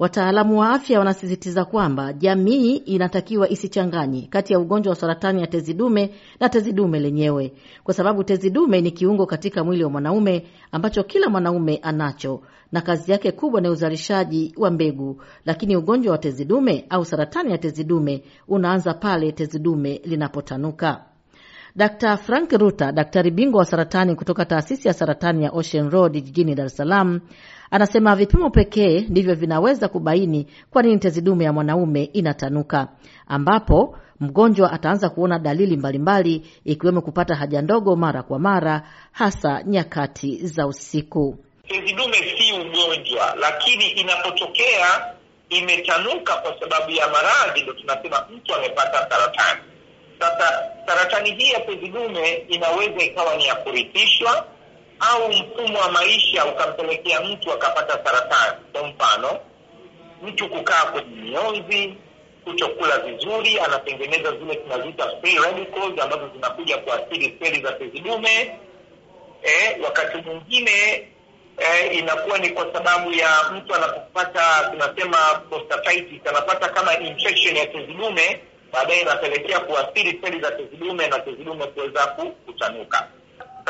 Wataalamu wa afya wanasisitiza kwamba jamii inatakiwa isichanganye kati ya ugonjwa wa saratani ya tezi dume na tezi dume lenyewe, kwa sababu tezi dume ni kiungo katika mwili wa mwanaume ambacho kila mwanaume anacho na kazi yake kubwa ni uzalishaji wa mbegu, lakini ugonjwa wa tezi dume au saratani ya tezi dume unaanza pale tezi dume linapotanuka. Dr. Frank rute daktari bingwa wa saratani kutoka taasisi ya saratani ya Ocean Road jijini Dar es Salaam, Anasema vipimo pekee ndivyo vinaweza kubaini kwa nini tezi dume ya mwanaume inatanuka, ambapo mgonjwa ataanza kuona dalili mbalimbali ikiwemo kupata haja ndogo mara kwa mara, hasa nyakati za usiku. Tezi dume si ugonjwa, lakini inapotokea imetanuka kwa sababu ya maradhi, ndo tunasema mtu amepata saratani. Sasa saratani hii ya tezi dume inaweza ikawa ni ya kurithishwa au mfumo wa maisha ukampelekea mtu akapata saratani. Kwa mfano, mtu kukaa kwenye mionzi, kutokula vizuri, anatengeneza zile tunaziita free radicals ambazo zinakuja kuathiri seli za tezi dume. Eh, wakati mwingine eh, inakuwa ni kwa sababu ya mtu anapopata tunasema prostatitis, anapata kama infection ya tezi dume, baadaye inapelekea kuathiri seli za tezi dume na tezi dume kuweza kuchanuka.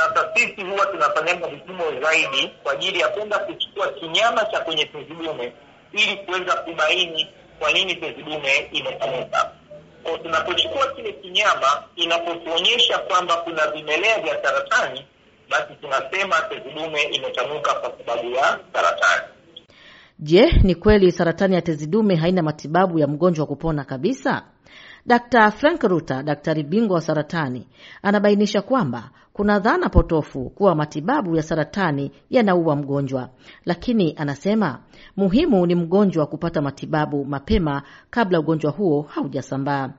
Sasa sisi huwa tunafanyanga vipimo zaidi kwa ajili ya kwenda kuchukua kinyama cha kwenye tezi dume ili kuweza kubaini kwa nini tezi dume imepanuka. Kwa tunapochukua kile kinyama, inapotuonyesha kwamba kuna vimelea vya saratani, basi tunasema tezi dume kwa sababu ya saratani. Je, ni kweli saratani ya tezi dume haina matibabu ya mgonjwa kupona kabisa? Dkt. Frank rute daktari bingwa wa saratani, anabainisha kwamba kuna dhana potofu kuwa matibabu ya saratani yanaua mgonjwa, lakini anasema muhimu ni mgonjwa kupata matibabu mapema kabla ugonjwa huo haujasambaa.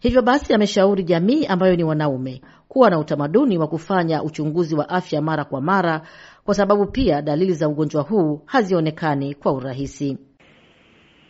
Hivyo basi, ameshauri jamii ambayo ni wanaume kuwa na utamaduni wa kufanya uchunguzi wa afya mara kwa mara kwa sababu pia dalili za ugonjwa huu hazionekani kwa urahisi.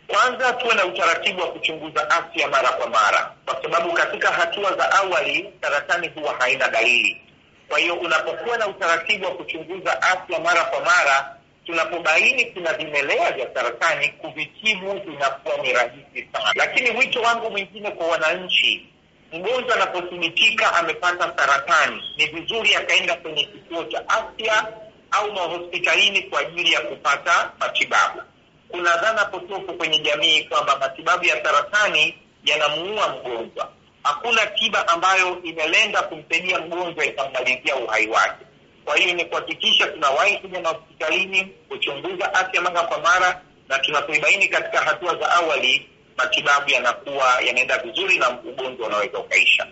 Kwanza tuwe na utaratibu wa kuchunguza afya mara kwa mara, kwa sababu katika hatua za awali saratani huwa haina dalili. Kwa hiyo unapokuwa na utaratibu wa kuchunguza afya mara kwa mara, tunapobaini kuna vimelea vya saratani, kuvitibu inakuwa ni rahisi sana. Lakini wito wangu mwingine kwa wananchi, mgonjwa anapothibitika amepata saratani, ni vizuri akaenda kwenye kituo cha afya au mahospitalini kwa ajili ya kupata matibabu. Kuna dhana potofu kwenye jamii kwamba matibabu ya saratani yanamuua mgonjwa. Hakuna tiba ambayo imelenga kumsaidia mgonjwa ikamalizia uhai wake. Kwa hiyo ni kuhakikisha tunawahi kuja mahospitalini kuchunguza afya mara kwa mara, na tunapoibaini katika hatua za awali, matibabu yanakuwa yanaenda vizuri na ugonjwa unaweza ukaisha.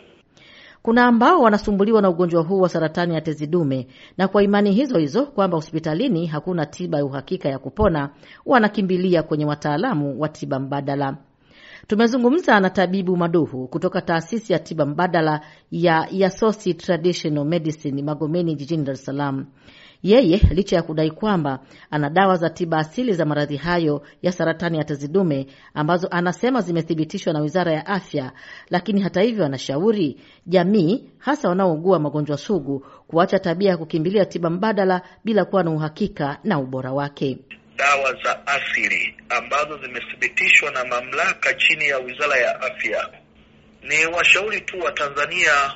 Kuna ambao wanasumbuliwa na ugonjwa huu wa saratani ya tezi dume, na kwa imani hizo hizo kwamba hospitalini hakuna tiba ya uhakika ya kupona, wanakimbilia kwenye wataalamu wa tiba mbadala. Tumezungumza na Tabibu Maduhu kutoka taasisi ya tiba mbadala ya Yasosi Traditional Medicine Magomeni jijini Dar es Salaam. Yeye licha ya kudai kwamba ana dawa za tiba asili za maradhi hayo ya saratani ya tezi dume ambazo anasema zimethibitishwa na Wizara ya Afya, lakini hata hivyo, anashauri jamii, hasa wanaougua magonjwa sugu, kuacha tabia ya kukimbilia tiba mbadala bila kuwa na uhakika na ubora wake dawa za asili ambazo zimethibitishwa na mamlaka chini ya Wizara ya Afya. Ni washauri tu wa Tanzania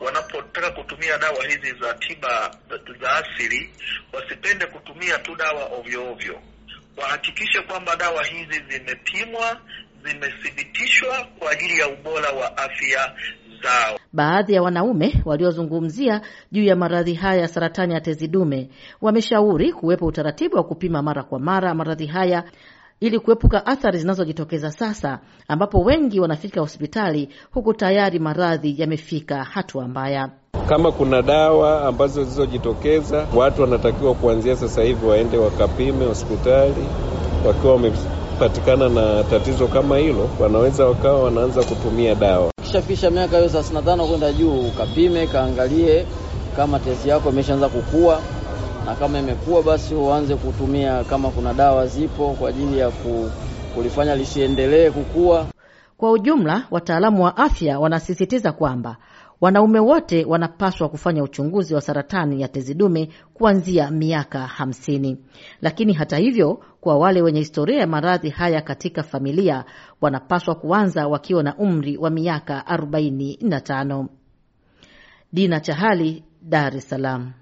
wanapotaka kutumia dawa hizi za tiba za asili wasipende kutumia tu dawa ovyoovyo ovyo, wahakikishe kwamba dawa hizi zimepimwa, zimethibitishwa kwa ajili ya ubora wa afya zao. Baadhi ya wanaume waliozungumzia juu ya maradhi haya ya saratani ya tezi dume wameshauri kuwepo utaratibu wa kupima mara kwa mara maradhi haya ili kuepuka athari zinazojitokeza sasa ambapo wengi wanafika hospitali huku tayari maradhi yamefika hatua mbaya. Kama kuna dawa ambazo zilizojitokeza, watu wanatakiwa kuanzia sasa hivi waende wakapime hospitali. Wakiwa wamepatikana na tatizo kama hilo, wanaweza wakawa wanaanza kutumia dawa ukishafisha miaka hiyo 35 kwenda juu, ukapime, kaangalie kama tezi yako imeshaanza kukua, na kama imekuwa basi uanze kutumia, kama kuna dawa zipo kwa ajili ya kulifanya lisiendelee kukua. Kwa ujumla, wataalamu wa afya wanasisitiza kwamba Wanaume wote wanapaswa kufanya uchunguzi wa saratani ya tezi dume kuanzia miaka hamsini. Lakini hata hivyo, kwa wale wenye historia ya maradhi haya katika familia wanapaswa kuanza wakiwa na umri wa miaka 45. Dina Chahali, Dar es Salaam.